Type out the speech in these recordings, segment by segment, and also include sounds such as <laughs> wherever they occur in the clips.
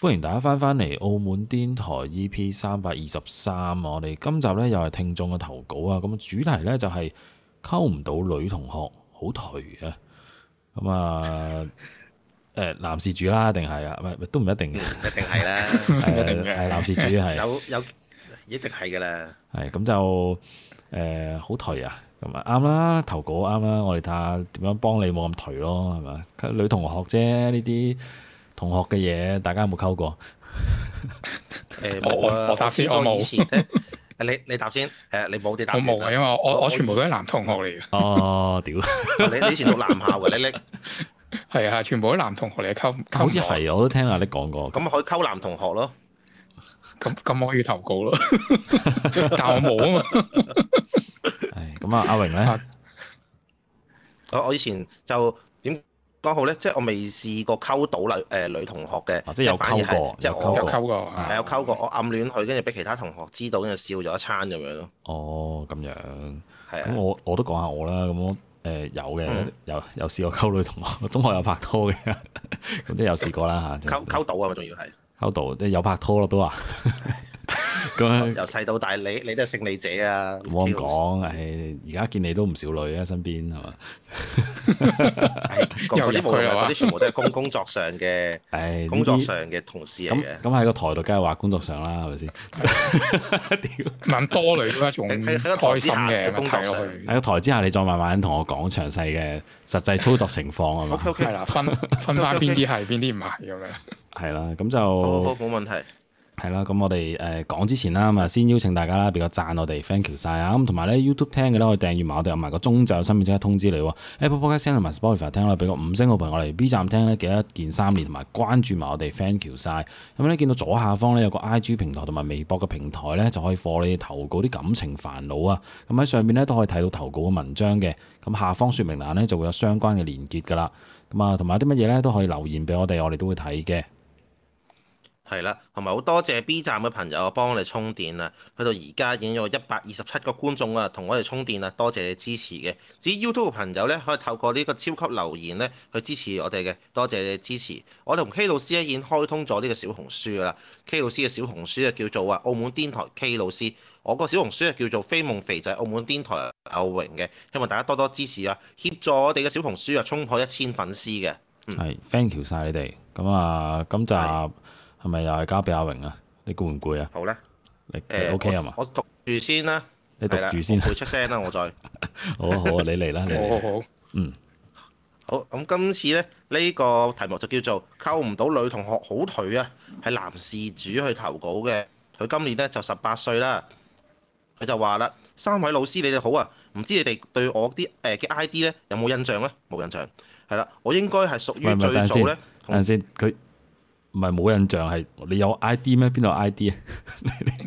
歡迎大家翻返嚟澳門癲台 EP 三百二十三，我哋今集咧又係聽眾嘅投稿啊！咁主題呢、就係，就係溝唔到女同學，好頹啊！咁、嗯、啊， <laughs> 男事主啦，定係啊？唔唔，都唔一定嘅，一定係、嗯、啦，係男事主係 <laughs> 是，有有一定係噶啦，係咁、嗯、就誒，好頹啊！咁啊，啱、嗯、啦，投稿啱啦、嗯，我哋睇下點樣幫你冇咁頹咯，係咪？女同學啫，呢啲。同學嘅嘢，大家有冇溝過？誒，我答先，我冇。你你答先，誒，你冇啲？我冇啊，因為我我全部都係男同學嚟嘅。哦，屌！你以前好男校喎，你你係啊，全部都男同學嚟嘅溝。好似係，我都聽阿你講過。咁可以溝男同學咯？咁咁我可以投稿咯？教係我冇啊嘛。咁啊，阿榮咧？我我以前就。剛好咧，即係我未試過溝到女誒女同學嘅，即係有溝過，有溝過，係有溝過，我暗戀佢，跟住俾其他同學知道，跟住笑咗一餐咁樣咯。哦，咁樣，咁我我都講下我啦，咁我誒有嘅，有有試過溝女同學，中學有拍拖嘅，咁即係有試過啦嚇。溝溝到啊嘛，仲要係溝到，即係有拍拖咯都話。由細到大，你你都係勝利者啊！唔好咁講，唉、哎，而家見你都唔少女啊，身邊係嘛？嗰啲冇啊，啲全部都係工工作上嘅，唉，工作上嘅同事咁咁喺個台度，梗係話工作上啦，係咪先？問多女一種開心嘅工作上。喺個台之下，你，下你再慢慢同我講詳細嘅實際操作情況 <laughs> <laughs> 啊嘛。係啦，分分翻邊啲係，邊啲唔係咁樣。係啦 Okay, okay.，咁、 <laughs> <laughs> 啊、就。冇問題。係啦，咁我哋誒講之前啦，咁啊先邀請大家啦，俾個讚我哋，thank you 晒。啊！咁同埋咧 YouTube 聽嘅咧可以訂閲埋我哋，有埋個鐘就有新片即刻通知你。Apple Podcast 同埋 Spotify 聽咧俾個五星好評我哋，B 站聽咧記得一鍵三連同埋關注埋我哋，thank you 晒、嗯。咁咧見到左下方咧有個 IG 平台同埋微博嘅平台咧，就可以幫你投稿啲感情煩惱啊！咁、嗯、喺上面咧都可以睇到投稿嘅文章嘅。咁、嗯、下方說明欄咧就會有相關嘅連結噶啦。咁啊同埋啲乜嘢咧都可以留言俾我哋，我哋都會睇嘅。係啦，同埋好多謝 B 站嘅朋友幫我哋充電啊！去到而家已經有一百二十七個觀眾啊，同我哋充電啊，多謝你支持嘅。至於 YouTube 嘅朋友咧，可以透過呢個超級留言咧去支持我哋嘅，多謝你支持。我哋同 K 老師咧已經開通咗呢個小紅書啦。K 老師嘅小紅書啊叫做啊澳門癲台 K 老師，我個小紅書啊叫做飛夢肥仔澳門癲台阿榮嘅，希望大家多多支持啊，協助我哋嘅小紅書啊衝破一千粉絲嘅。嗯，係，thank you 晒你哋。咁啊，咁就。係咪又係交俾阿榮啊？你攰唔攰啊？好咧，你誒 OK 啊嘛？我讀住先啦。你讀住先。唔會出聲啦，我再。好啊好啊，你嚟啦。你嚟。好好好。嗯。好，咁今次咧呢個題目就叫做溝唔到女同學好頹啊，係男事主去投稿嘅。佢今年咧就十八歲啦。佢就話啦，三位老師你哋好啊，唔知你哋對我啲誒嘅 ID 咧有冇印象咧？冇印象。係啦，我應該係屬於最早咧同佢。等陣先，佢。唔係冇印象係你有 I D 咩？邊度 I D 啊？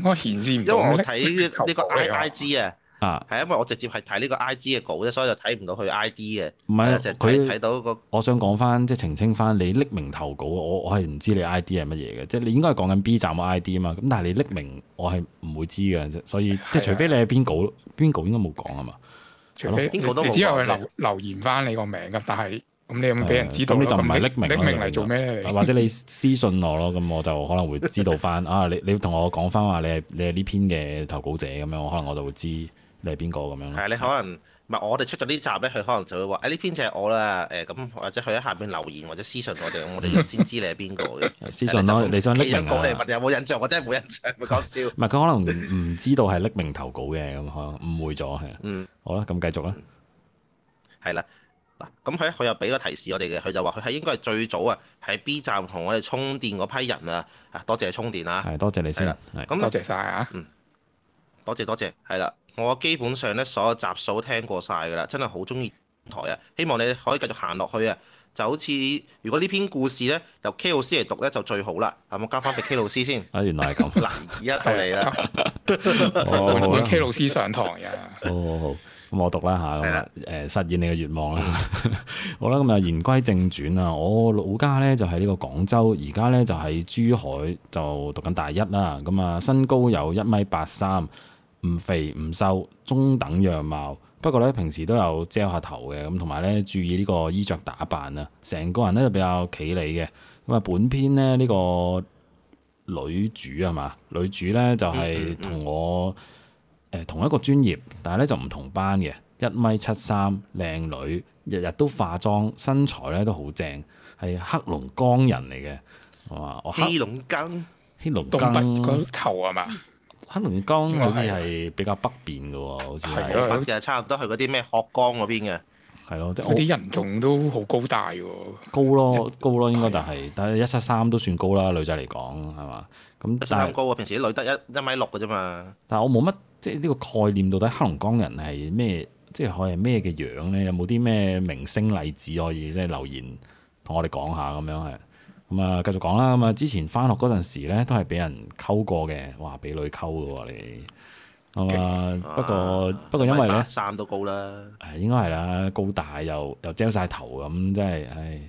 我顯示唔到，因為我睇呢、這個、個 I I G 啊，啊，係因為我直接係睇呢個 I G 嘅稿啫，所以就睇唔到佢 I D 嘅。唔係啊，成日睇他到、那個。我想講翻，即係澄清翻，你匿名投稿，我我係唔知你 I D 係乜嘢嘅，即、就、係、是、你應該係講緊 B 站嘅 I D 啊嘛。咁但係你匿名，我係唔會知嘅。所以即係的、就是、除非你喺邊稿邊稿應該冇講啊嘛。除非邊吧稿都冇。因為留留言翻你個名㗎，但係。咁你有冇俾人知道？咁你就唔係匿名，匿名嚟做咩？或者你私信我咯，咁我就可能會知道翻。啊，你你同我講翻話，你係你係呢篇嘅投稿者咁樣，我可能我就會知你係邊個咁樣。係你可能唔係我哋出咗呢集咧，佢可能就會話，誒呢篇就係我啦。誒咁或者佢喺下邊留言或者私信我哋，咁我哋先知你係邊個嘅。私信咯，你想匿名啊？有冇印象？我真係冇印象，咪講笑。唔係佢可能唔知道係匿名投稿嘅，咁可能誤會咗係。好啦，咁繼續啦。係啦。咁佢佢又俾個提示我哋嘅，佢就話佢係應該係最早啊，喺 B 站同我哋充電嗰批人啊。啊多謝充電啦，係多謝你先，係，咁多謝晒，啊，嗯，多謝多謝，係啦。我基本上咧所有集數都聽過曬噶啦，真係好中意台啊，希望你可以繼續行落去啊，就好似如果呢篇故事咧由 K 老師嚟讀咧就最好啦，咁我交翻俾 K 老師先，啊 <laughs> 原來係咁。嗱而家到你啦，換 K 老師上堂呀，好好好。好好好咁我讀啦嚇，誒的、呃、實現你嘅願望啦， <laughs> 好啦，咁啊言歸正傳啊，我老家咧就係呢個廣州，而家咧就喺珠海，就讀緊大一啦。咁啊身高有一米八三，唔肥唔瘦，中等樣貌。不過咧平時都有遮下頭嘅，咁同埋咧注意呢個衣着打扮啊。成個人咧就比較企理嘅。咁啊本篇呢，呢、呢個女主係嘛？女主咧就係、是、同我。誒同一個專業，但係咧就唔同班嘅。一米七三，靚女，日日都化妝，身材咧都好正，係黑龍江人嚟嘅。哇！黑龍江，黑龍江、嗰個、頭係嘛？黑龍江好似係比較北邊嘅喎，好似係。北嘅，差唔多係嗰啲咩鶴崗嗰邊嘅。係咯，啲人仲都好高大喎。高咯，高咯，的應該就係、係，但係一七三都算高啦，女仔嚟講係嘛？咁但係高啊！平時啲女得一一米六嘅啫嘛。但係我冇乜。即係呢個概念到底黑龍江人係咩？即係係咩嘅樣呢？有冇啲咩明星例子可以即係留言同我哋講下咁樣係咁啊？繼、嗯、續講啦！咁、嗯、啊，之前返學嗰陣時呢，都係俾人溝過嘅，話俾女溝嘅你係嘛。咁啊，不過、啊、不過因為呢，三都高啦，係應該係啦，高大又又遮晒頭咁，即係唉。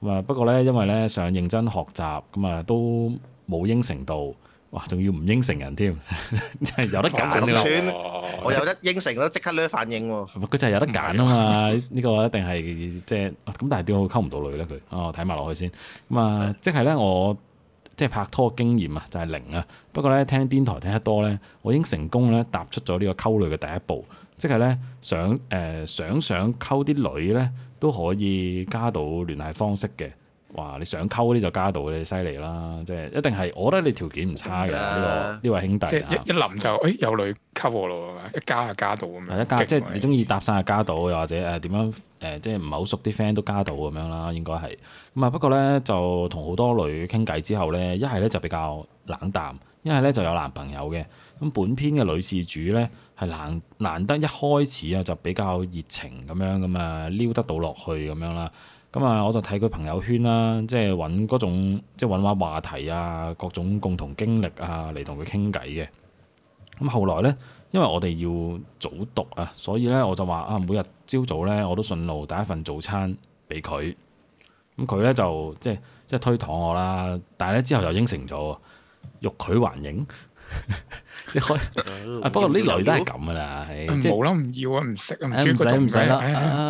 咁啊，不過呢，因為呢，想認真學習，咁啊都冇應承到。哇，仲要唔應承人添，係 <laughs> 有得揀㗎，我有得應承都 <laughs> 即刻咧反應喎。佢 <laughs> 就係有得揀啊嘛，呢個一定係即係咁，但係點解溝唔到女咧？佢、啊、我睇埋落去先咁啊，即係咧我即係拍拖經驗啊，就係零啊。不過咧，聽癲台聽得多咧，我已經成功咧踏出咗呢個溝女嘅第一步，即係咧想誒、呃、想想溝啲女咧都可以加到聯繫方式嘅。哇！你想溝嗰啲就加到你犀利啦！即係一定係，我覺得你條件唔差嘅呢、啊這個呢位兄弟。一一臨就，誒、哎、有女溝我咯， <noise> 一加就加到咁樣。一加即係你中意搭訕就加到，又或者誒點樣誒，即係唔係好熟啲 friend 都加到咁樣啦，應該係。咁啊不過咧，就同好多女傾偈之後咧，一係咧就比較冷淡，一係咧就有男朋友嘅。咁本篇嘅女事主咧係難難得一開始啊就比較熱情咁樣咁啊撩得到落去咁樣啦。咁啊，我就睇佢朋友圈啦，啊，即係揾嗰種，即係揾話話題啊，各種共同經歷啊，嚟同佢傾偈嘅。咁後來呢，因為我哋要早讀啊，所以呢，我就話啊，每日朝早呢，我都順路帶一份早餐俾佢。咁佢呢，就即係即係推搪我啦，但係咧之後又應承咗，欲拒還迎。即係，不過啲女都係咁噶啦，係冇啦，唔要啊，唔食啊，唔使唔使啦，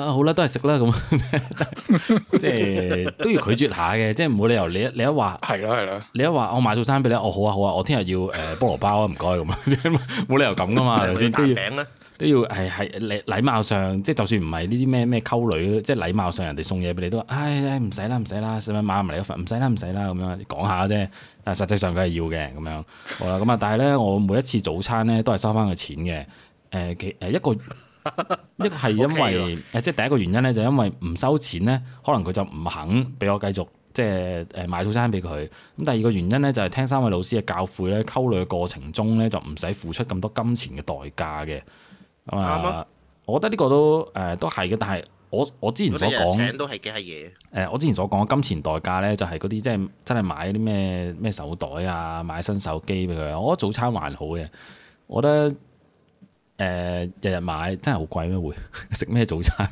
好啦，啊，都係食啦，咁 <laughs> 即係都要拒絕下嘅，即係冇理由你你一話係咯係咯，你一話我買套衫俾你，我好啊好啊，我聽日要誒菠蘿包啊，唔該咁啊，冇理由咁噶嘛，先 <laughs> 都要。打餅都要係係禮禮貌上，即係就算唔係呢啲咩咩溝女，即係禮貌上人哋送嘢俾你都話，唉唔使啦唔使啦，使咪買埋嚟一份，唔使啦唔使啦咁樣講下啫。但係實際上佢係要嘅咁樣。好啦，咁啊，但係咧，我每一次早餐咧都係收翻個錢嘅。誒其誒一個一個係因為誒， <laughs> 即係第一個原因咧就係，因為唔收錢咧，可能佢就唔肯俾我繼續即係誒賣早餐俾佢。咁第二個原因咧就係、係，聽三位老師嘅教誨咧，溝女嘅過程中咧就唔使付出咁多金錢嘅代價嘅。咁我覺得呢個都誒都係嘅，但係我我之前所講請都係幾閪嘢。誒，我之前所講嘅金錢代價咧，就係嗰啲即係真係買啲咩咩手袋啊，買新手機俾佢。我覺得早餐還好嘅，我覺得誒日日買真係好貴咩？會食咩早餐？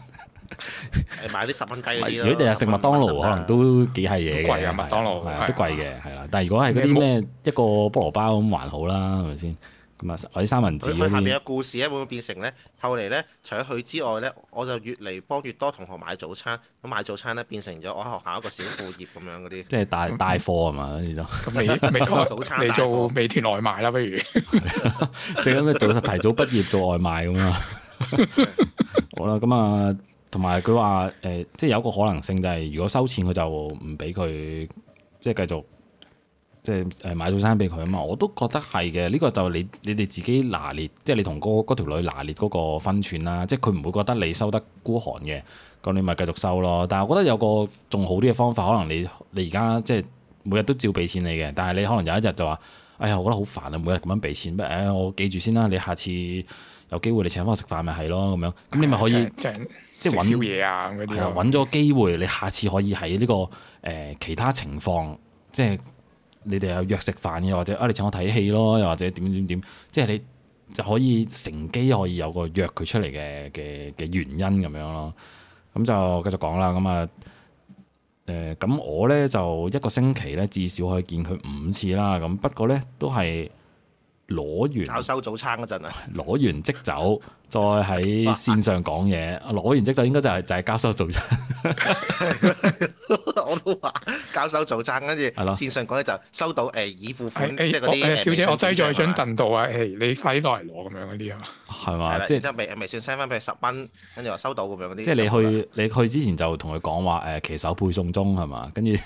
買啲十蚊雞嗰啲咯。如果日日食麥當勞，可能都幾閪嘢嘅。麥當勞都貴嘅，係啦。但係如果係嗰啲咩一個菠蘿包咁，還好啦，係咪先？咁啊，我啲三文治。佢下面嘅故事咧會唔會變成咧？後嚟咧，除咗佢之外咧，我就越嚟幫越多同學買早餐。咁買早餐咧變成咗我學校一個小副業咁樣嗰啲。即係帶、嗯嗯、帶貨啊嘛，跟住就。咁未未做早餐。 <laughs> 你做美團外賣啦，不如。正咁嘅早提早畢業做外賣咁樣。 <laughs> <laughs> <laughs> 好啦，咁啊，同埋佢話誒，即係有個可能性就係，如果收錢，佢就唔俾佢即係繼續。即係誒買套衫俾佢啊嘛，我都覺得係嘅。呢、這個就你你哋自己拿捏，即係你同哥嗰條女拿捏嗰個分寸啦、啊。即係佢唔會覺得你收得孤寒嘅，咁你咪繼續收咯。但係我覺得有個仲好啲嘅方法，可能你你而家即係每日都照俾錢你嘅，但係你可能有一日就話：哎呀，我覺得好煩啊，每日咁樣俾錢，不如、哎、我記住先啦、啊。你下次有機會你請返我食飯咪係咯咁樣。咁你咪可以、嗯嗯嗯嗯、即係揾啲嘢啊，啲。係啦、嗯，揾咗機會，你下次可以喺呢、這個誒、呃呃、其他情況即係。你哋有約食飯嘅，或者啊，你請我睇戲咯，又或者點點點，即係你就可以乘機可以有個約佢出嚟嘅嘅嘅原因咁樣咯。咁就繼續講啦。咁啊，誒、呃，咁我咧就一個星期咧至少可以見佢五次啦。咁不過咧都係攞完交收早餐嗰陣啊，攞完即走， <laughs> 再喺線上講嘢。攞完即走應該就係、是、就係、是、交收早餐。 <laughs> <laughs> 我都話交手早餐，跟住線上講咧就收到誒已付款，跟住嗰啲小姐，我擠在張凳度啊！誒，你快啲過嚟攞咁樣嗰啲啊！係嘛？即係未未算收翻俾十蚊，跟住話收到咁樣嗰啲。即係你去你去之前就同佢講話誒，騎手配送中係嘛？跟住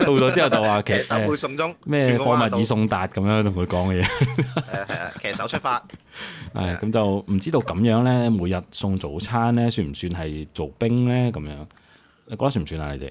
到到之後就話騎手配送中咩貨物已送達咁樣同佢講嘅嘢。誒，騎手出發。係咁就唔知道咁樣咧，每日送早餐咧，算唔算係做兵咧？咁樣你覺得算唔算啊？你哋？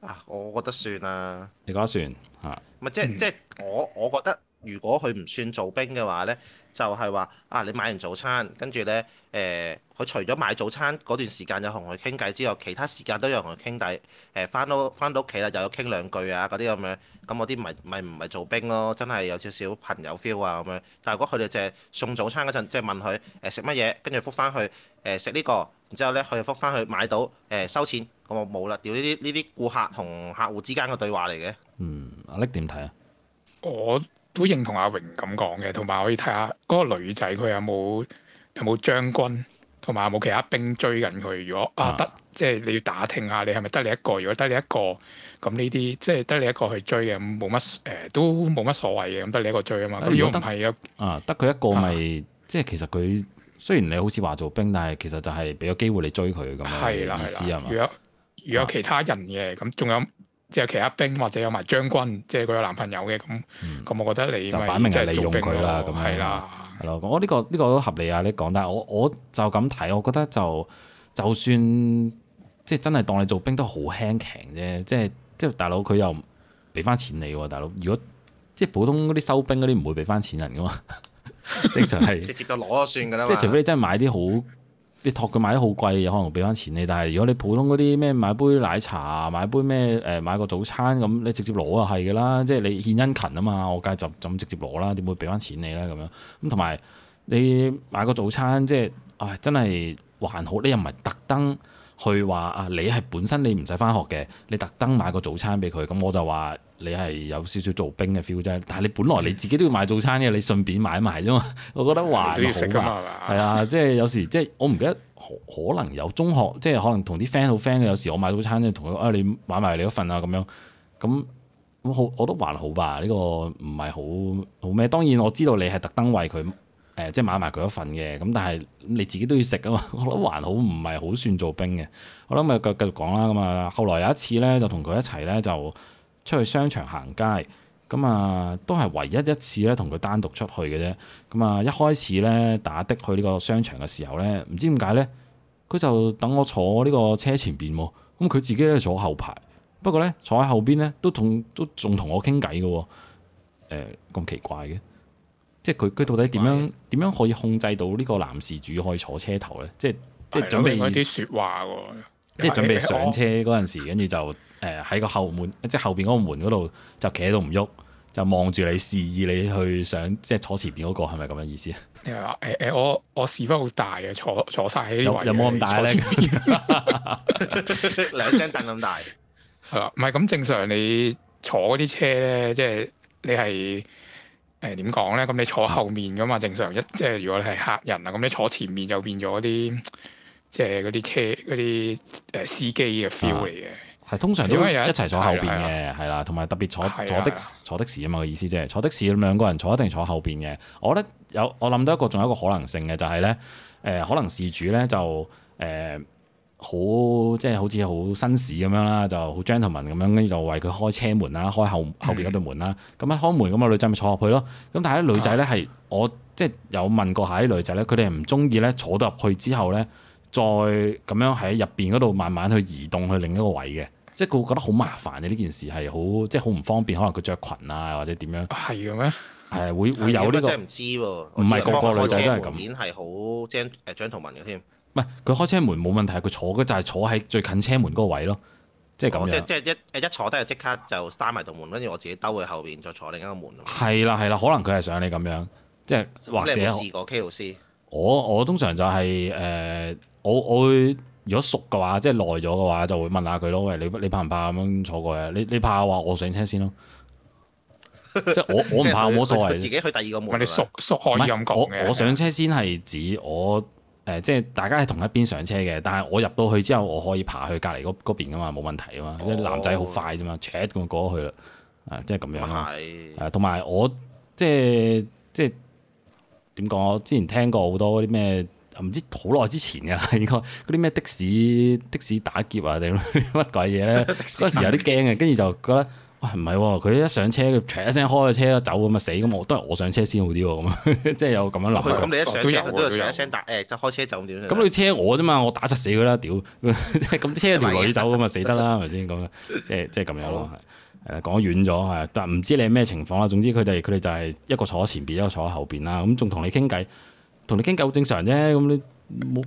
啊，我覺得算啦。你覺得算吓？唔係、嗯、即係即係我我覺得。如果佢唔算做兵嘅話呢，就係、是、話啊，你買完早餐，跟住呢，誒、呃，佢除咗買早餐嗰段時間就同佢傾偈之外，其他時間都有同佢傾偈、呃。係翻到翻到屋企啦，又要傾兩句啊，嗰啲咁樣，咁我啲咪咪唔係做兵咯，真係有少少朋友 feel 啊咁樣。但係如果佢哋淨係送早餐嗰陣，即、就、係、是、問佢誒食乜嘢，跟住覆翻去誒食呢個，然之後呢，佢又覆翻去買到誒、呃、收錢，咁我冇啦，屌呢啲呢啲顧客同客戶之間嘅對話嚟嘅。嗯，阿力點睇啊？我。都認同阿榮咁講嘅，同埋可以睇下嗰個女仔佢有冇有冇將軍，同埋有冇其他兵追緊佢。如果阿、啊、得即係、就是、你要打聽下，你係咪得你一個？如果得你一個，咁呢啲即係得你一個去追嘅，冇乜誒都冇乜所謂嘅，咁得你一個追嘛啊嘛。如果唔係啊，啊得佢一個咪即係其實佢雖然你好似話做兵，但係其實就係俾個機會你追佢咁嘅意思係嘛、啊啊啊啊？如果有其他人嘅咁，仲有。即係其他兵或者有埋將軍，即係佢有男朋友嘅咁，咁、嗯、我覺得你就擺明係利用佢啦，係啦樣。係咯對了、這個這個，我呢個呢個都合理啊，你講，但係我我就咁睇，我覺得就就算即係真係當你做兵都好輕強啫，即係即係大佬佢又俾翻錢你喎，大佬。如果即係普通嗰啲收兵嗰啲唔會俾翻錢人噶嘛，正 <laughs> 常係直 <laughs> 接就攞咗算噶啦，即係除非你真係買啲好。你託佢買啲好貴嘅，可能俾翻錢你。但係如果你普通嗰啲咩買杯奶茶、買杯咩誒、呃、買個早餐咁，你直接攞啊係㗎啦，即係你獻殷勤啊嘛，我梗係就咁直接攞啦，點會俾翻錢你咧咁樣？咁同埋你買個早餐，即係唉真係還好，你又唔係特登。去話啊，你係本身你唔使翻學嘅，你特登買個早餐俾佢，咁我就話你係有少少做兵嘅 feel 啫。但係你本來你自己都要買早餐嘅，你順便買埋啫嘛。我覺得還好㗎。係啊，即係有時即係我唔記得可能有中學，即係可能同啲 friend 好 friend 嘅，有時我買早餐咧，同佢啊，你買埋你一份啊咁樣。咁咁好，我都還好吧。呢個唔係好好咩？當然我知道你係特登為佢。誒，即係買埋佢一份嘅，咁但係你自己都要食啊嘛！我覺得還好，唔係好算做兵嘅。我諗咪繼繼續講啦，咁啊，後來有一次咧，就同佢一齊咧，就出去商場行街，咁啊，都係唯一一次咧，同佢單獨出去嘅啫。咁啊，一開始咧，打的去呢個商場嘅時候咧，唔知點解咧，佢就等我坐呢個車前邊，哦，咁佢自己咧坐後排。不過咧，坐喺後邊咧，都同都仲同我傾偈嘅，誒，呃，咁奇怪嘅。即係佢佢到底點樣點以樣可以控制到呢個男事主可以坐車頭咧？即係即係準備啲說話，即係準備上車嗰陣時，跟住、欸、就誒喺個後門，我即係後邊嗰個門嗰度就企喺度唔喐，就望住你示意你去上，即係坐前邊、那、嗰個係咪咁樣意思啊？你話誒誒，我我屎忽好大啊，坐坐曬喺呢位，有冇咁大咧？兩張凳咁大係啊？唔係咁正常，你坐嗰啲車咧，即、就、係、是、你係。誒點講咧？咁、呃、你坐後面噶嘛，正常一即係如果你係客人啦，咁你坐前面就變咗啲即係嗰啲車嗰啲誒司機嘅 feel 嚟嘅。係、啊、通常都要一齊坐後邊嘅，係啦。同埋的特別坐坐的坐的士啊嘛嘅意思即啫。坐的士咁的兩個人坐一定坐後邊嘅。我覺得有我諗到一個仲有一個可能性嘅就係咧誒，可能事主咧就誒。呃好即係好似好紳士咁樣啦，就好 gentleman 咁樣，跟住就為佢開車門啦，開後後邊嗰對門啦，咁啊、嗯、開門咁啊女仔咪坐入去咯。咁但係咧女仔咧係我即係有問過下啲女仔咧，佢哋唔中意咧坐到入去之後咧，再咁樣喺入邊嗰度慢慢去移動去另一個位嘅，即係佢會覺得好麻煩嘅呢件事係好即係好唔方便，可能佢着裙啊或者點樣。係嘅咩？係會會有呢個。我真係唔知喎，唔係個個女仔都係咁。件係好 gent gentleman 嘅添。唔係佢開車門冇問題，佢坐嘅就係、是、坐喺最近車門嗰個位咯、就是哦，即係咁樣。即即一一坐低就即刻就閂埋道門，跟住我自己兜去後邊再坐另一個門。係啦係啦，可能佢係想你咁樣，即係或者有有試過 K 老師，我我通常就係、是、誒、呃，我我會如果熟嘅話，即係耐咗嘅話，就會問下佢咯。餵你你怕唔怕咁樣坐過啊？你你怕嘅話，我上車先咯。即我我唔怕，冇 <laughs> 他所謂。自己去第二個門。你熟熟可以咁講我,我,我上車先係指我。 <laughs> 誒，即係大家係同一邊上車嘅，但係我入到去之後，我可以爬去隔籬嗰嗰邊噶嘛，冇問題啊嘛，因為、哦、男仔好快啫嘛，斜咁、哦、過去啦，啊、就是是，即係咁樣啦，誒，同埋我即係即係點講？我之前聽過好多啲咩唔知好耐之前嘅，應該嗰啲咩的士的士打劫啊定乜鬼嘢咧？嗰 <laughs> 時有啲驚嘅，跟住就覺得。哇，唔係喎！佢、啊、一上車，一聲開咗車走咁啊死！咁我都係我上車先好啲喎，咁即係有咁樣諗。咁你一上車佢、啊、都一聲有打，誒就開車走咁點咧？咁你車我啫嘛，我打柒死佢啦！屌，咁車條女走咁啊 <laughs> 死 <laughs> 得啦，係咪先咁啊？即係即係咁樣咯，係誒講遠咗係，但唔知你係咩情況啦。總之佢哋佢哋就係一個坐喺前邊，一個坐喺後邊啦。咁仲同你傾偈，同你傾偈好正常啫。咁你冇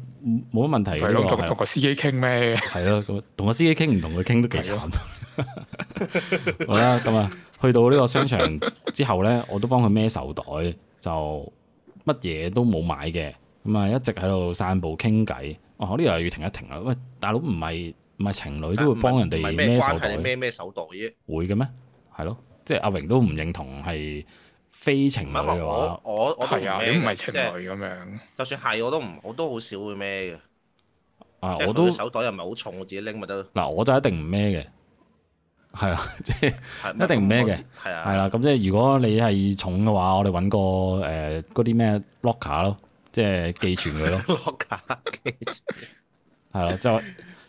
冇乜問題？係咯、嗯，同同、個司機傾咩？係咯 <laughs> 同個司機傾唔同佢傾都幾慘。 <laughs> <laughs> 好啦，咁啊，去到呢個商場之後咧，我都幫佢孭手袋，就乜嘢都冇買嘅，咁啊一直喺度散步傾偈。哦、啊，呢又要停一停啊。喂，大佬唔係唔係情侶都會幫人哋孭手袋咩？咩手袋啫？會嘅咩？係咯，即係阿榮都唔認同係非情侶嘅話，我我係啊，唔係、哎、情侶咁樣、就是？就算係，我都唔，我都好少會孭嘅。啊，我都手袋又唔係好重，我自己拎咪得咯。嗱、啊，我就一定唔孭嘅。係啦，即係 <laughs> 一定唔孭嘅，係啊、嗯，係啦，咁即係如果你係重嘅話，我哋揾個誒嗰、呃、啲咩 locker 咯，即係寄存佢咯。locker <laughs> 寄存的，係啦，就，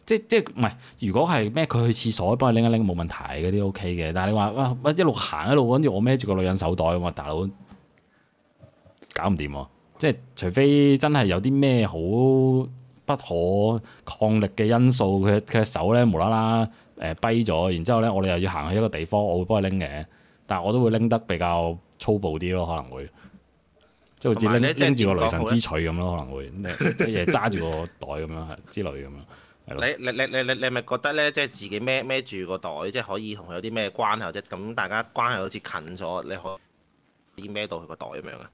即係即係唔係？如果係咩佢去廁所幫你拎一拎冇問題嗰啲 OK 嘅，但係你話哇、啊，我一路行一路跟住我孭住個女人手袋啊嘛，大佬搞唔掂喎！即係除非真係有啲咩好不可抗力嘅因素，佢佢手咧無啦啦。誒跛咗，然之後咧，我哋又要行去一個地方，我會幫佢拎嘅，但係我都會拎得比較粗暴啲咯，可能會，即係好似拎拎住個雷神之錘咁咯，可能會，即係揸住個袋咁樣之類咁樣。你你你你你你咪覺得咧，即係自己孭孭住個袋，即係可以同佢有啲咩關係啫？咁大家關係好似近咗，你可以孭到佢個袋咁樣啊？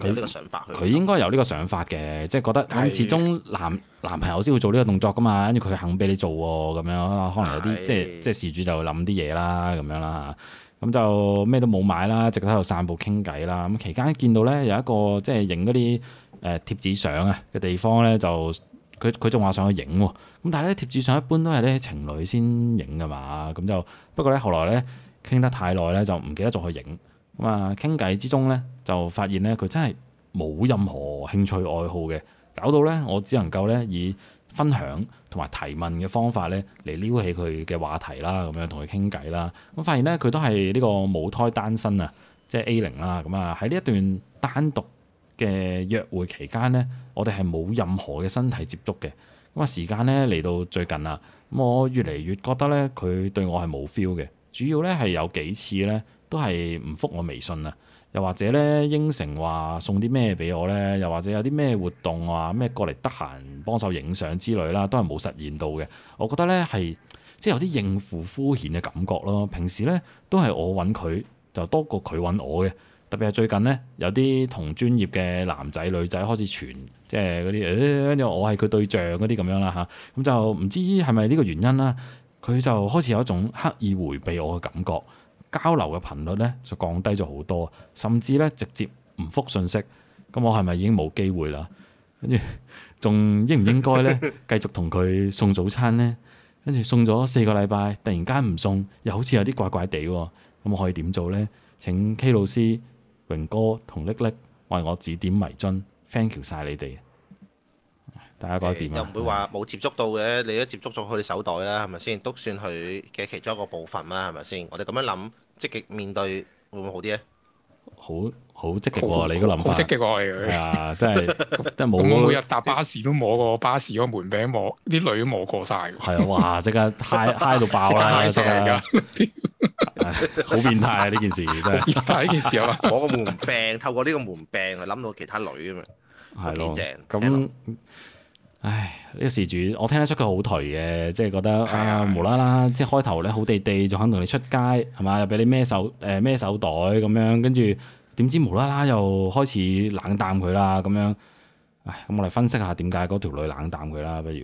佢呢個想法，佢應該有呢個想法嘅，即係覺得始終男的男朋友先會做呢個動作㗎嘛，跟住佢肯俾你做喎，咁樣啊，可能有啲的即係即係事主就諗啲嘢啦，咁樣啦，咁就咩都冇買啦，直頭喺度散步傾偈啦，咁期間見到咧，有一個即係影嗰啲誒貼紙相啊嘅地方咧，就佢佢仲話想去影喎，咁但係咧，貼紙相一般都係咧情侶先影㗎嘛，咁就不過咧，後來咧傾得太耐咧就唔記得再去影。咁啊，傾偈之中呢，就發現呢，佢真係冇任何興趣愛好嘅，搞到呢，我只能夠呢，以分享同埋提問嘅方法呢，嚟撩起佢嘅話題啦，咁樣同佢傾偈啦。咁發現呢，佢都係呢個母胎單身啊，即係 A 零啦。咁啊，喺呢一段單獨嘅約會期間呢，我哋係冇任何嘅身體接觸嘅。咁啊，時間呢嚟到最近啊。咁我越嚟越覺得呢，佢對我係冇 feel 嘅。主要呢，係有幾次呢。都係唔覆我微信啊，又或者咧應承話送啲咩俾我咧，又或者有啲咩活動啊咩過嚟得閒幫手影相之類啦，都係冇實現到嘅。我覺得咧係即係有啲應付敷衍嘅感覺咯。平時咧都係我揾佢就多過佢揾我嘅，特別係最近咧有啲同專業嘅男仔女仔開始傳即係嗰啲，跟、呃、住我係佢對象嗰啲咁樣啦嚇。咁、啊、就唔知係咪呢個原因啦？佢就開始有一種刻意迴避我嘅感覺。交流嘅頻率咧就降低咗好多，甚至咧直接唔覆信息，咁我係咪已經冇機會啦？跟住仲應唔應該咧繼續同佢送早餐咧？跟住送咗四個禮拜，突然間唔送，又好似有啲怪怪地喎，咁我可以點做咧？請 K 老師、榮哥同叻叻為我指點迷津，thank you 晒你哋。大家覺得點啊？又唔會話冇接觸到嘅，你都接觸咗佢哋手袋啦，係咪先？都算佢嘅其中一個部分啦，係咪先？我哋咁樣諗。積極面對會唔會好啲咧？好好積極喎，你個諗法。積極喎，係啊，真係真係冇。我每日搭巴士都摸個巴士個門柄摸，啲女都摸過晒。㗎。係啊！哇！即刻嗨 i 到爆啦！真係。好變態啊！呢件事真係。呢件嘅事啊！摸個門柄，透過呢個門柄諗到其他女啊嘛。係咯。幾正咁？唉，呢、這個事主我聽得出佢好頹嘅，即係覺得啊無啦啦，即係開頭咧好地地，仲肯同你出街，係嘛？又俾你孭手誒孭、呃、手袋咁樣，跟住點知無啦啦又開始冷淡佢啦咁樣。唉，咁我哋分析下點解嗰條女冷淡佢啦，不如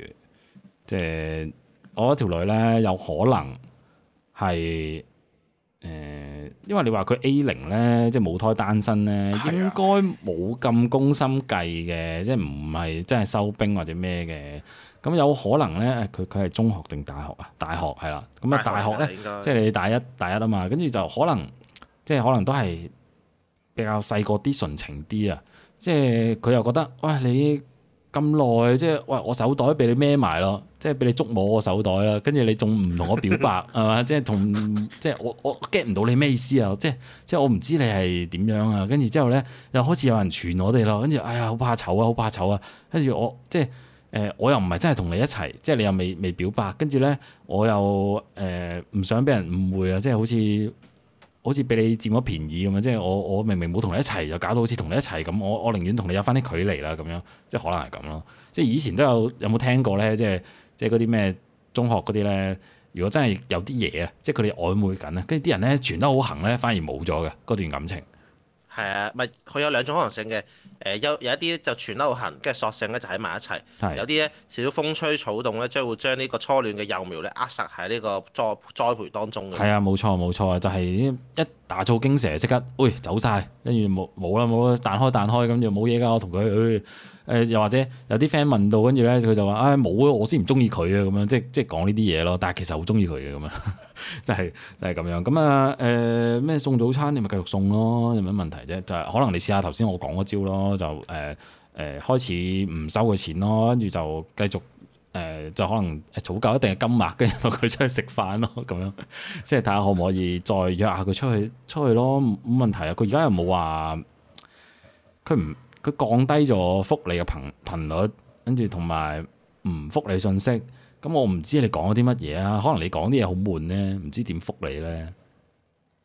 即係我覺得條女咧有可能係。誒，因為你話佢 A 零咧，即係母胎單身咧，應該冇咁攻心計嘅，即係唔係真係收兵或者咩嘅？咁有可能咧，佢佢係中學定大學啊？大學係啦，咁啊大學咧，學即係你大一大一啊嘛，跟住就可能，即係可能都係比較細個啲、純情啲啊，即係佢又覺得，喂、哎，你咁耐，即係哇我手袋俾你孭埋咯。即係俾你捉摸我手袋啦，跟住你仲唔同我表白，係嘛？即係同即係我我 get 唔到你咩意思啊？即係即係我唔知你係點樣啊？跟住之後咧又開始有人傳我哋咯，跟住哎呀好怕醜啊，好怕醜啊！跟住我即係誒我又唔係真係同你一齊，即係你又未未表白，跟住咧我又誒唔想俾人誤會啊！即係好似好似俾你佔咗便宜咁樣，即係我我明明冇同你一齊就搞到好似同你一齊咁，我我寧願同你有翻啲距離啦，咁樣即係可能係咁咯。即係以前都有有冇聽過咧？即係。即係嗰啲咩中學嗰啲咧，如果真係有啲嘢咧，即係佢哋曖昧緊咧，跟住啲人咧傳得好行咧，反而冇咗嘅嗰段感情。係啊，唔係佢有兩種可能性嘅，誒有有一啲就傳得好行，跟住索性咧就喺埋一齊；啊、有啲咧少少風吹草動咧，將會將呢個初戀嘅幼苗咧扼殺喺呢個栽栽培當中嘅。係啊，冇錯冇錯，就係、是、一打草驚蛇，即刻，喂、哎、走晒。跟住冇冇啦冇啦，彈開彈開，咁就冇嘢㗎，我同佢。哎誒又或者有啲 friend 問到，跟住咧佢就話，唉冇啊，我先唔中意佢啊，咁樣即係即係講呢啲嘢咯。但係其實好中意佢嘅咁啊，即係即係咁樣。咁啊誒咩送早餐，你咪繼續送咯，有乜問題啫？就係、是、可能你試下頭先我講嗰招咯，就誒誒、呃呃、開始唔收佢錢咯，跟住就繼續誒、呃、就可能誒儲夠一定嘅金額，跟住佢出去食飯咯，咁樣，樣即係睇下可唔可以再約下佢出去出去咯，冇問題啊。佢而家又冇話佢唔。佢降低咗復你嘅頻頻率，跟住同埋唔復你信息。咁我唔知你講咗啲乜嘢啊？可能你講啲嘢好悶咧，唔知點復你咧。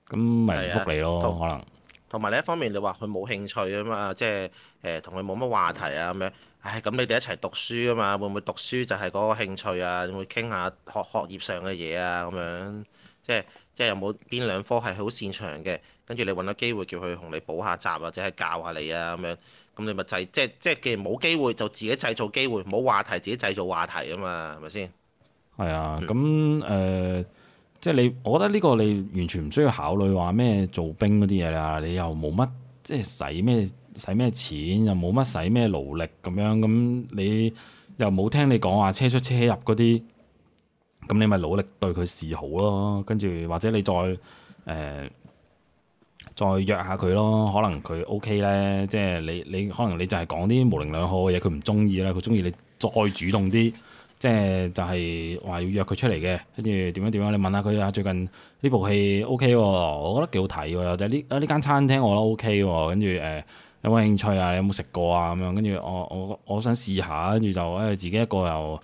咁咪唔復你咯？可能同埋另一方面，你話佢冇興趣啊嘛，即係誒同佢冇乜話題啊咁樣。唉，咁你哋一齊讀書啊嘛，會唔會讀書就係嗰個興趣啊？會傾下學學業上嘅嘢啊咁樣，即係即係有冇邊兩科係好擅長嘅？跟住你揾個機會叫佢同你補下習或者係教下你啊咁樣。咁你咪制，即係即係，冇機會就自己製造機會，冇話題自己製造話題啊嘛，係咪先？係啊，咁誒，即係你，我覺得呢個你完全唔需要考慮話咩做兵嗰啲嘢啦，你又冇乜即係使咩使咩錢，又冇乜使咩勞力咁樣，咁你又冇聽你講話車出車入嗰啲，咁你咪努力對佢示好咯，跟住或者你再誒。呃再約下佢咯，可能佢 OK 咧，即係你你可能你就係講啲模棱兩可嘅嘢，佢唔中意啦，佢中意你再主動啲，即係就係話要約佢出嚟嘅，跟住點樣點樣，你問下佢啊，最近呢部戲 OK 喎，我覺得幾好睇喎，又就呢、係、呢間餐廳我覺得 OK 喎，跟住誒有冇興趣啊？你有冇食過啊咁樣，跟住我我我想試下，跟住就誒、欸、自己一個又。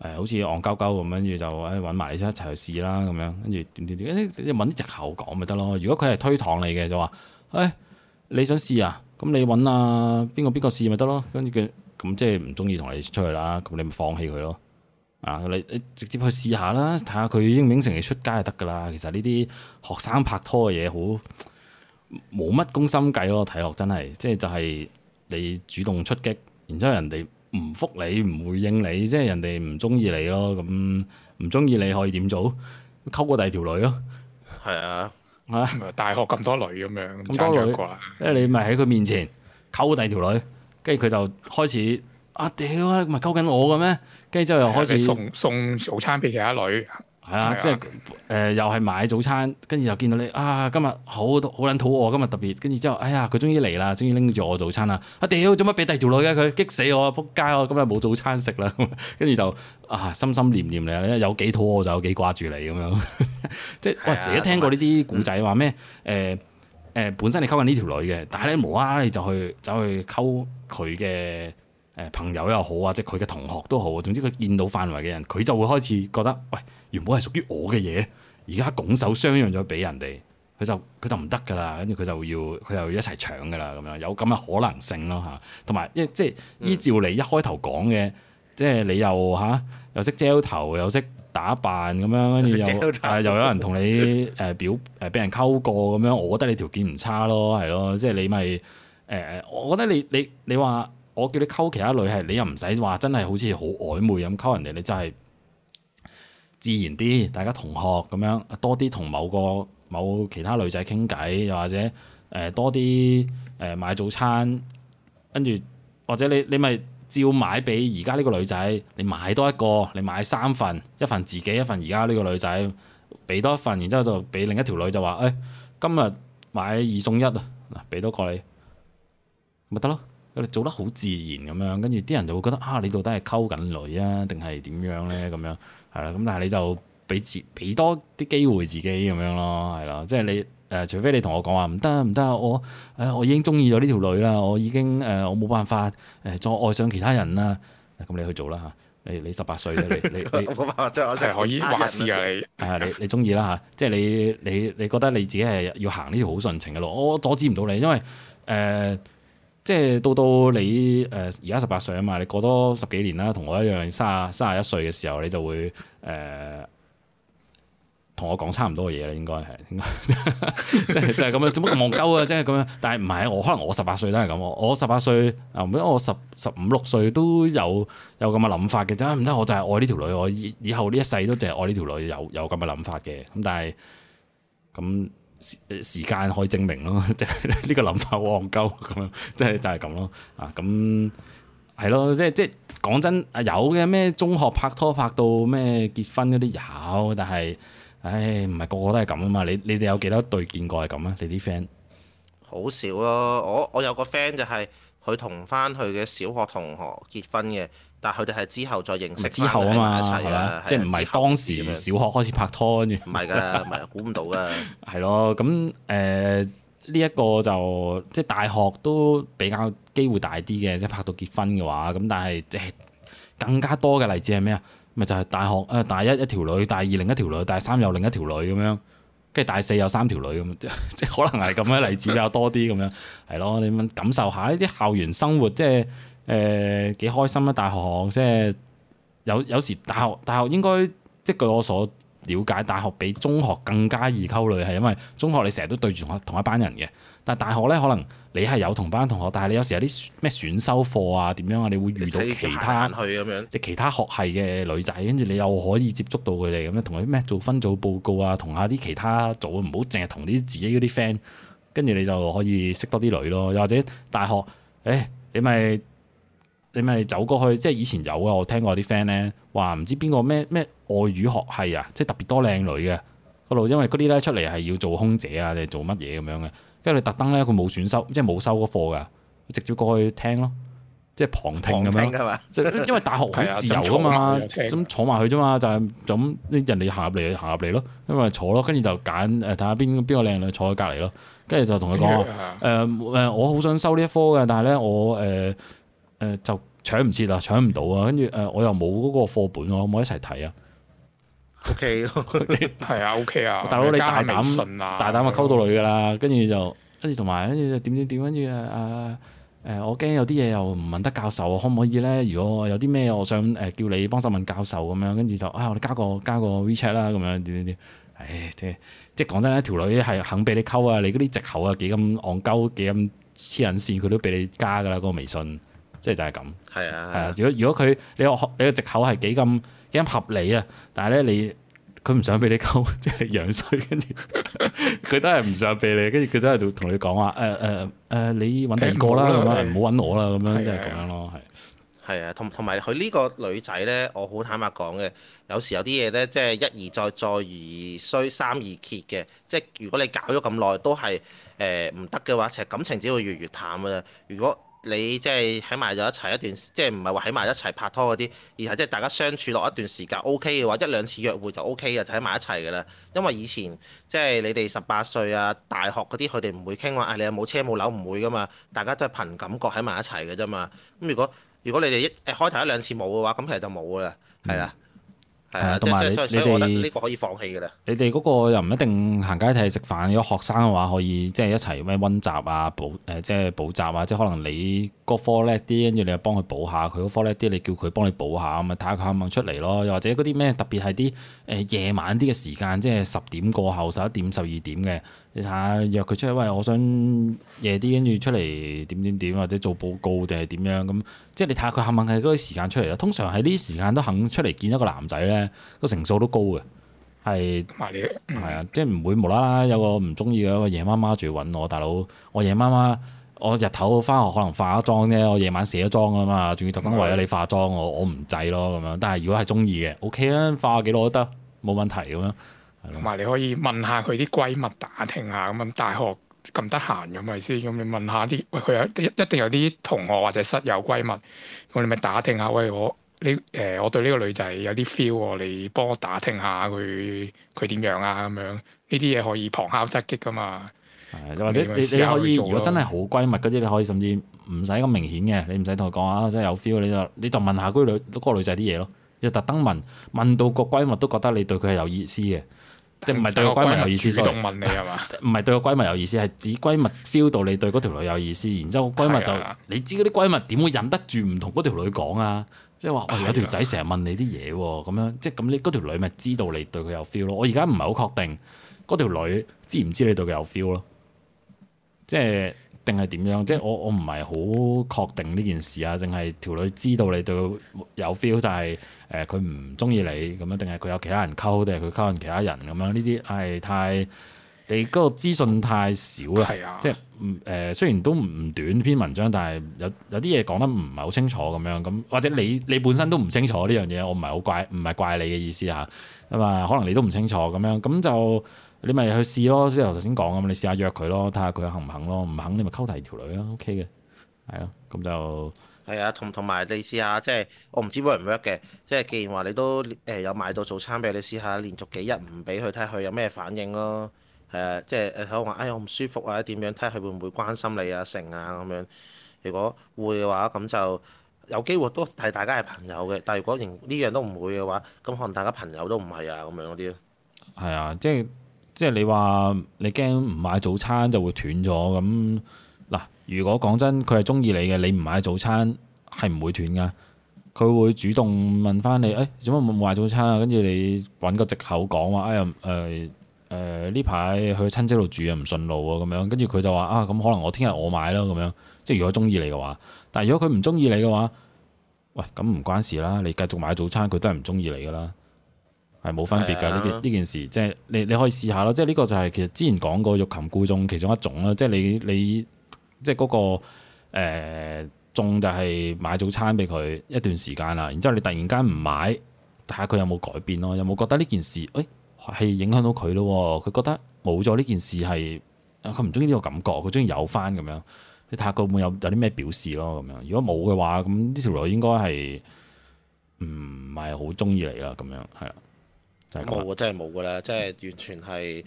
誒好似戇鳩鳩咁，跟住就誒揾埋你一齊去試啦，咁樣跟住點點點你揾啲藉口講咪得咯。如果佢係推搪你嘅，就話誒、哎、你想試啊，咁你揾啊邊個邊個試咪得咯。跟住佢咁即係唔中意同你出去啦，咁你咪放棄佢咯。啊，你你直接去試下啦，睇下佢應唔應承你出街就得噶啦。其實呢啲學生拍拖嘅嘢好冇乜攻心計咯，睇落真係即係就係、是、你主動出擊，然之後人哋。唔覆你唔回應你，即係人哋唔中意你咯。咁唔中意你可以點做？溝過第二條女咯。係啊，嚇、啊！大學咁多女咁樣，咁多女，因為你咪喺佢面前溝過第二條女，跟住佢就開始啊屌啊，咪溝緊我嘅咩？跟住之後就又開始、啊、送送早餐俾其他女。係啊，即係誒、呃，又係買早餐，跟住又見到你啊！今日好多好撚肚餓，今日特別，跟住之後，哎呀，佢終於嚟啦，終於拎住我早餐啦！啊屌，做乜俾第二條女嘅佢？激死我，仆街我！今日冇早餐食啦，跟住就啊，心心念念你，你有幾肚餓就有幾掛住你咁樣。呵呵即係、啊、喂，你都聽過呢啲古仔話咩？誒誒、嗯呃呃呃呃，本身你溝緊呢條女嘅，但係咧無啦啦你就去走去溝佢嘅。誒朋友又好啊，即係佢嘅同學都好，總之佢見到範圍嘅人，佢就會開始覺得，喂，原本係屬於我嘅嘢，而家拱手相讓咗俾人哋，佢就佢就唔得噶啦，跟住佢就要佢就要一齊搶噶啦，咁樣有咁嘅可能性咯嚇。同埋即係依照你一開頭講嘅，嗯、即係你又吓，又識 gel 頭，又識打扮咁樣，跟住又又，啊、又有人同你誒表誒俾、呃、人溝過咁樣，我覺得你條件唔差咯，係咯，即係你咪誒、呃，我覺得你你你話。你我叫你溝其他女係，你又唔使話真係好似好曖昧咁溝人哋，你就係自然啲，大家同學咁樣多啲同某個某其他女仔傾偈，又或者誒多啲誒買早餐，跟住或者你你咪照買俾而家呢個女仔，你買多一個，你買三份，一份自己，一份而家呢個女仔，俾多一份，然之後就俾另一條女就話誒、哎，今日買二送一啊，俾多個你，咪得咯。佢哋做得好自然咁樣，跟住啲人就會覺得啊，你到底係溝緊女啊，定係點樣咧？咁樣係啦，咁但係你就俾自俾多啲機會自己咁樣咯，係咯，即係你誒、呃，除非你同我講話唔得唔得，我誒我已經中意咗呢條女啦，我已經誒我冇、呃、辦法誒、呃、再愛上其他人啦，咁你去做啦嚇，你你十八歲，你你冇辦法真係可以話事啊你，係啊 <laughs> 你你中意啦嚇，即係你你你覺得你自己係要行呢條好純情嘅路，我阻止唔到你，因為誒。呃呃即係到到你誒而家十八歲啊嘛，你過多十幾年啦，同我一樣三十三十一歲嘅時候，你就會誒同、呃、我講差唔多嘅嘢啦，應該係應該， <laughs> 即係就係、是、咁樣，做乜咁戇鳩啊？即係咁樣，但係唔係我可能我十八歲都係咁，我十八歲啊，因我十十五六歲都有有咁嘅諗法嘅，就唔得，我就係愛呢條女，我以以後呢一世都淨係愛呢條女，有有咁嘅諗法嘅，咁但係咁。時間可以證明咯， <laughs> <laughs> 即係呢個諗法戇鳩咁樣，即係就係咁咯。啊，咁係咯，即係即係講真，啊有嘅咩中學拍拖拍到咩結婚嗰啲有，但係，唉，唔係個，個個都係咁啊嘛。你你哋有幾多對見過係咁啊？你啲 friend 好少咯。我我有個 friend 就係佢同返佢嘅小學同學結婚嘅。但佢哋係之後再認識嘅，之後嘛一齊嘅，即係唔係當時小學開始拍拖？唔係㗎，唔係估唔到㗎。係咯， <laughs> 咁誒呢一個就即係大學都比較機會大啲嘅，即係拍到結婚嘅話，咁但係即係更加多嘅例子係咩啊？咪就係、是、大學誒、呃、大一一條女，大二另一條女，大三又另一條女咁樣，跟住大四又三條女咁，即係可能係咁樣例子比較多啲咁樣，係咯， <laughs> 你咁感受下呢啲校園生活即係。誒幾、呃、開心啊！大學即係有有時大學大學應該即係據我所了解，大學比中學更加易溝女，係因為中學你成日都對住同同一班人嘅，但係大學咧可能你係有同班同學，但係你有時有啲咩選,選修課啊點樣啊，你會遇到其他去咁樣，你其他學系嘅女仔，跟住你又可以接觸到佢哋咁樣，同佢咩做分組報告啊，同下啲其他組唔好淨係同啲自己嗰啲 friend，跟住你就可以識多啲女咯。又或者大學誒、哎、你咪～你咪走過去，即係以前有啊！我聽過啲 friend 咧，話唔知邊個咩咩外語學系啊，即係特別多靚女嘅嗰度，因為嗰啲咧出嚟係要做空姐啊，定做乜嘢咁樣嘅。跟住你特登咧，佢冇選修，即係冇收嗰課㗎，直接過去聽咯，即係旁，旁聽咁樣。旁聽係嘛？即係因為大學好自由㗎嘛，咁、嗯、坐埋去啫嘛，就係、就、咁人哋行入嚟行入嚟咯，因為坐，看看坐咯，跟住就揀誒睇下邊邊個靚女坐喺隔離咯，跟住就同佢講誒誒，我好想收呢一科嘅，但係咧我誒。呃嗯誒就搶唔切啦，搶唔到啊。跟住誒，我又冇嗰個課本，我可唔可以一齊睇啊？O K，係啊，O K 啊，大佬你大膽大膽啊，溝到女噶啦。跟住就跟住同埋跟住點點點，跟住誒誒誒，我驚有啲嘢又唔問得教授啊，可唔可以咧？如果有啲咩，我想誒、呃、叫你幫手問教授咁樣，跟住就啊，我哋加個加個 WeChat 啦，咁樣點點點。唉、哎哎，即即講真一條女係肯俾你溝啊，你嗰啲藉口啊幾咁戇鳩，幾咁黐人線，佢都俾你加噶啦，嗰、嗰個微信。即係就係咁，係啊係啊！如果如果佢你個你個藉口係幾咁幾合理、 <laughs> <laughs> 呃呃呃、啊，但係咧你佢唔想俾你溝，即係樣衰，跟住佢都係唔想俾你，跟住佢都係同你講話誒誒誒，你揾第二個啦，唔好揾我啦咁樣，即係咁樣咯，係係啊，同同埋佢呢個女仔咧，我好坦白講嘅，有時有啲嘢咧，即係一而再，再而衰，三而竭嘅，即係如果你搞咗咁耐都係誒唔得嘅話，其實感情只會越嚟越淡嘅。如果你即係喺埋咗一齊一段，即係唔係話喺埋一齊拍拖嗰啲，而係即係大家相處落一段時間 OK 嘅話，一兩次約會就 OK 嘅，就喺埋一齊噶啦。因為以前即係你哋十八歲啊，大學嗰啲佢哋唔會傾話，啊、哎、你有冇車冇樓唔會噶嘛，大家都係憑感覺喺埋一齊嘅啫嘛。咁如果如果你哋一誒、哎、開頭一兩次冇嘅話，咁其實就冇噶啦，係啦。嗯係同埋你你哋呢個可以放棄嘅啦。你哋嗰個又唔一定行街睇食飯。如果學生嘅話，可以即係一齊咩溫習啊、補誒即係補習啊。即係可能你嗰科叻啲，跟住你又幫佢補下；佢嗰科叻啲，你叫佢幫你補下咁啊。睇下佢肯唔肯出嚟咯。又或者嗰啲咩特別係啲誒夜晚啲嘅時間，即係十點過後、十一點、十二點嘅。你睇下約佢出去，喂，我想夜啲跟住出嚟點點點，或者做報告定係點樣咁、嗯，即係你睇下佢肯唔肯喺嗰啲時間出嚟啦。通常喺呢啲時間都肯出嚟見一個男仔咧，個成數都高嘅，係，係啊， <laughs> 即係唔會無啦啦有個唔中意嘅一個夜媽媽仲要揾我大佬，我夜媽媽，我日頭返學可能化咗妝啫，我夜晚卸咗妝啦嘛，仲要特登為咗你化妝我，我我唔制咯咁樣。但係如果係中意嘅，OK 啊，化幾耐都得，冇問題咁樣。同埋你可以問下佢啲閨蜜打聽下咁樣，大學咁得閒咁咪先咁，你問下啲喂佢有一定有啲同學或者室友閨蜜，咁你咪打聽下喂，我呢誒、呃，我對呢個女仔有啲 feel 喎，你幫我打聽下佢佢點樣啊咁樣，呢啲嘢可以旁敲側擊噶嘛，又的你或者你你，嘗嘗你可以如果真係好閨蜜嗰啲，你可以甚至唔使咁明顯嘅，你唔使同佢講啊，真係有 feel 你就你就問下嗰女嗰個女仔啲嘢咯，你、就、特登問問到個閨蜜都覺得你對佢係有意思嘅。即係唔係對個閨蜜有意思？先、嗯、以問你係嘛？唔係對個閨蜜有意思，係指閨蜜 feel 到你對嗰條女有意思，然之後閨蜜就的你知嗰啲閨蜜點會忍得住唔同嗰條女講啊？即係話我有條仔成日問你啲嘢喎，咁樣即係咁你嗰條女咪知道你對佢有 feel 咯。我而家唔係好確定嗰條女知唔知你對佢有 feel 咯？即係。定係點樣？即係我我唔係好確定呢件事啊！定係條女知道你對佢有 feel，但係誒佢唔中意你咁樣，定係佢有其他人溝，定係佢溝緊其他人咁樣？呢啲係太你嗰個資訊太少啦，啊、即係誒、呃、雖然都唔短篇文章，但係有有啲嘢講得唔係好清楚咁樣咁，或者你你本身都唔清楚呢樣嘢，我唔係好怪，唔係怪你嘅意思嚇咁啊，可能你都唔清楚咁樣咁就。你咪去試咯，即係頭先講咁，你試下約佢咯，睇下佢肯唔肯咯，唔肯你咪溝第二條女咯，OK 嘅，係咯，咁就係啊，同同埋你試下，即係我唔知會唔會嘅，即係既然話你都誒、呃、有買到早餐俾你，你試下，連續幾日唔俾佢睇，佢有咩反應咯？誒，即係誒、哎，我話哎呀，我唔舒服啊，點樣睇下佢會唔會關心你啊，成啊咁樣？如果會嘅話，咁就有機會都係大家係朋友嘅。但係如果連呢樣都唔會嘅話，咁可能大家朋友都唔係啊，咁樣嗰啲咯。係啊，即係。即係你話你驚唔買早餐就會斷咗咁嗱。如果講真，佢係中意你嘅，你唔買早餐係唔會斷噶。佢會主動問翻你，誒做乜唔買早餐啊？跟住你揾個藉口講話，誒誒誒呢排去親戚度住啊，唔順路啊咁樣。跟住佢就話啊，咁可能我聽日我買啦咁樣。即係如果中意你嘅話，但係如果佢唔中意你嘅話，喂咁唔關事啦，你繼續買早餐，佢都係唔中意你噶啦。係冇分別嘅呢件呢件事，即係你你可以試下咯，即係呢個就係其實之前講過欲擒故縱其中一種啦，即係你你即係嗰個誒縱就係買早餐俾佢一段時間啦，然之後你突然間唔買，睇下佢有冇改變咯，有冇覺得呢件事誒係影響到佢咯？佢覺得冇咗呢件事係佢唔中意呢個感覺，佢中意有翻咁樣，你睇下佢會有有啲咩表示咯咁樣。如果冇嘅話，咁呢條女應該係唔係好中意你啦咁樣，係啦。冇啊！真係冇噶啦，即係完全係，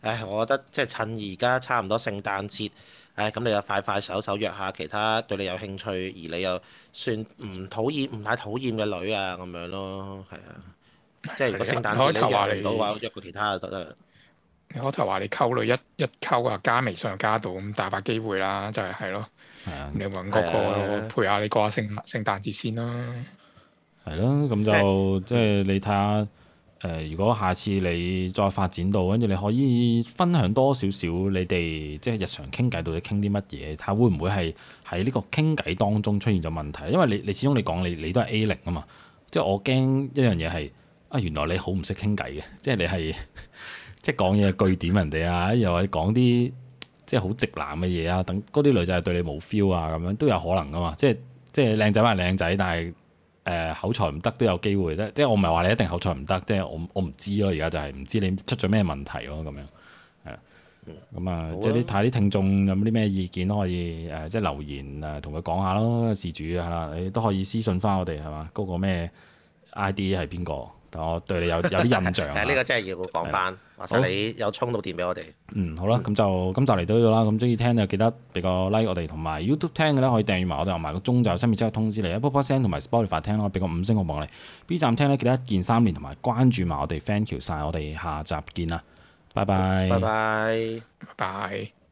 唉，我覺得即係趁而家差唔多聖誕節，唉，咁你就快快手手約下其他對你有興趣而你又算唔討厭、唔太討厭嘅女啊，咁樣咯，係啊，即係如果聖誕節你約唔到話，約過其他就得啦。你開頭話你溝女一一溝啊，加微信又加到，咁大把機會啦，就係係咯。係啊，你揾個個陪下、啊、你過下聖聖誕節先啦。係咯，啊，咁就即係你睇下。誒，如果下次你再發展到，跟住你可以分享多少少你哋即係日常傾偈到底，你傾啲乜嘢？睇下會唔會係喺呢個傾偈當中出現咗問題？因為你你始終你講你你都係 A 零啊嘛，即係我驚一樣嘢係啊，原來你好唔識傾偈嘅，即係你係 <laughs> 即係講嘢句點人哋啊，又係講啲即係好直男嘅嘢啊，等嗰啲女仔對你冇 feel 啊，咁樣都有可能噶嘛，即係即係靚仔係靚仔，但係。誒、呃、口才唔得都有機會啫，即係我唔係話你一定口才唔得，即係我我唔知咯，而家就係唔知你出咗咩問題咯，咁樣係咁啊，即係你睇啲聽眾有冇啲咩意見都可以誒、呃，即係留言啊，同佢講下咯，事主啊，係啦，你都可以私信返我哋係嘛，嗰個咩 ID 係邊個？我對你有有啲印象，但係呢個真係要講翻，或者了好你有充到電俾我哋。嗯，好啦，咁就今集嚟到呢度啦。咁中意聽就記得俾個 like 我哋，同埋 YouTube 聽嘅咧，可以訂閲埋我哋，同埋個鐘就有新片即刻通知你。Apple Podcast 同埋 Spotify 聽咯，俾個五星好我望你。B 站聽咧，記得一鍵三連，同埋關注埋我哋 <laughs> thank you 晒。我哋下集見啊，拜拜，拜拜，拜拜。